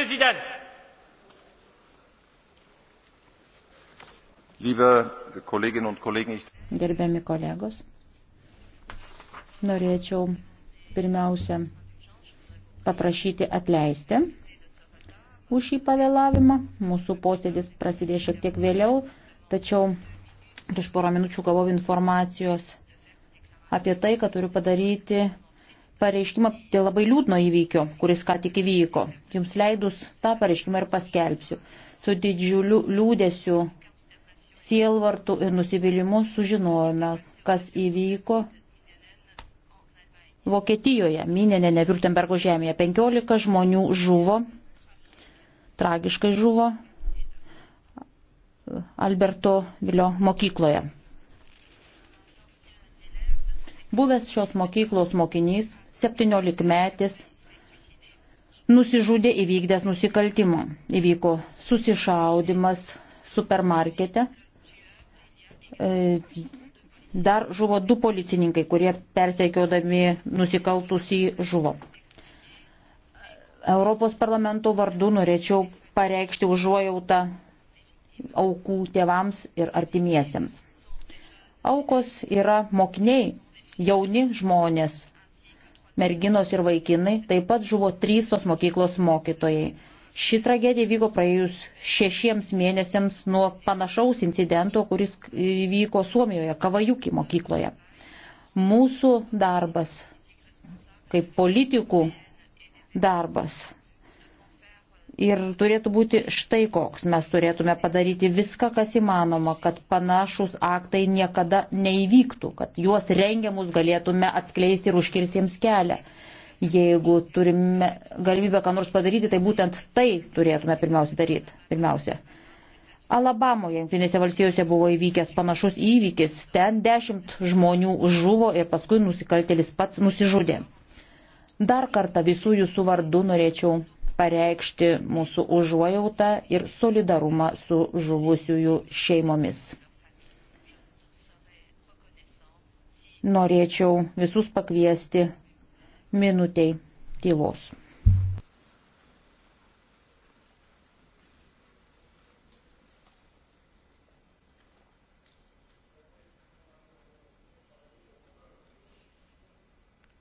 Präsident! Liebe Kolleginnen und Kollegen, ich... Gerbiami kolegos, norėčiau pirmiausia paprašyti atleisti už šį pavėlavimą. Mūsų posėdis prasidės šiek tiek vėliau, tačiau prieš porą minučių gavau informacijos apie tai, kad turiu padaryti pareiškimą dėl labai liūdno įvykio, kuris ką tik įvyko. Jums leidus tą pareiškimą ir paskelbsiu. Su didžiuliu liūdėsiu, sielvartu ir nusivylimu sužinojome, kas įvyko Vokietijoje, Mininėne, Virtembergo žemėje. 15 žmonių žuvo, tragiškai žuvo Alberto Vilio mokykloje. Buvęs šios mokyklos mokinys, 17 metis, nusižudė įvykdęs nusikaltimą. Įvyko susišaudimas supermarkete. E, dar žuvo du policininkai, kurie persekiodami nusikaltusį žuvo. Europos parlamento vardu norėčiau pareikšti užuojautą aukų tėvams ir artimiesiems. Aukos yra mokiniai, jauni žmonės, merginos ir vaikinai, taip pat žuvo trys tos mokyklos mokytojai. Ši tragedija vyko praėjus šešiems mėnesiams nuo panašaus incidento, kuris vyko Suomijoje, Kavajuki mokykloje. Mūsų darbas, kaip politikų darbas, ir turėtų būti štai koks. Mes turėtume padaryti viską, kas įmanoma, kad panašus aktai niekada neįvyktų, kad juos rengiamus galėtume atskleisti ir užkirstiems kelią. Jeigu turime galimybę ką nors padaryti, tai būtent tai turėtume pirmiausia daryti. Pirmiausia. Alabamoje, Junktinėse valstijose buvo įvykęs panašus įvykis. Ten dešimt žmonių žuvo ir paskui nusikaltėlis pats nusižudė. Dar kartą visų jūsų vardų norėčiau pareikšti mūsų užuojautą ir solidarumą su žuvusiųjų šeimomis. Norėčiau visus pakviesti minutiai tylos.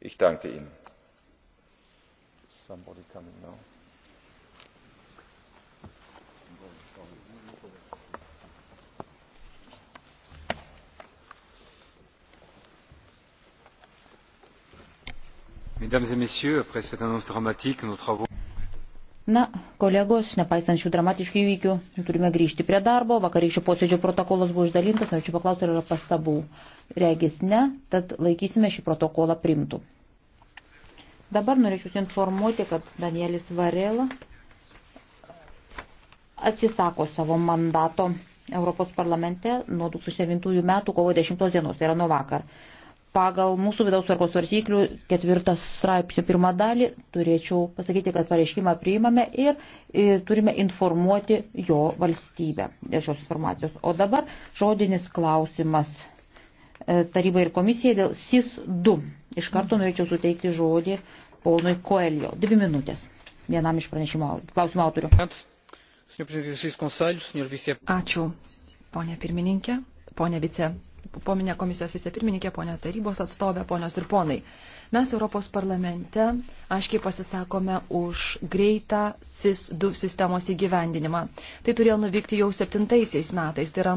Ich danke Ihnen. Somebody coming now. Na, kolegos, nepaisant šių dramatiškų įvykių, turime grįžti prie darbo. Vakarykščio posėdžio protokolas buvo išdalintas, norėčiau paklausti, ar yra pastabų. Regis ne, tad laikysime šį protokolą primtų. Dabar norėčiau informuoti, kad Danielis Varela atsisako savo mandato Europos parlamente nuo 2009 metų kovo 10 dienos, tai yra nuo vakar pagal mūsų vidaus tvarkos svarstyklių ketvirtas straipsnio pirmą dalį turėčiau pasakyti, kad pareiškimą priimame ir, ir e, turime informuoti jo valstybę dėl šios informacijos. O dabar žodinis klausimas e, tarybai ir komisijai dėl SIS 2. Iš karto norėčiau suteikti žodį ponui Koelio. Dvi minutės vienam iš pranešimo klausimo autorių. Ačiū, ponė pirmininkė, ponė vice pominė komisijos vicepirmininkė, ponė tarybos atstovė, ponios ir ponai. Mes Europos parlamente aiškiai pasisakome už greitą SIS-2 sistemos įgyvendinimą. Tai turėjo nuvykti jau septintaisiais metais, tai yra